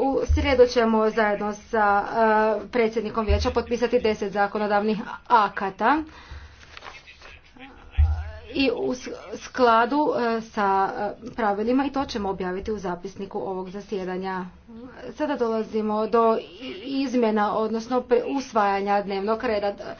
U srijedu ćemo zajedno sa e, predsjednikom vijeća potpisati deset zakonodavnih akata i u skladu e, sa e, pravilima i to ćemo objaviti u zapisniku ovog zasjedanja. Sada dolazimo do izmjena, odnosno usvajanja dnevnog reda.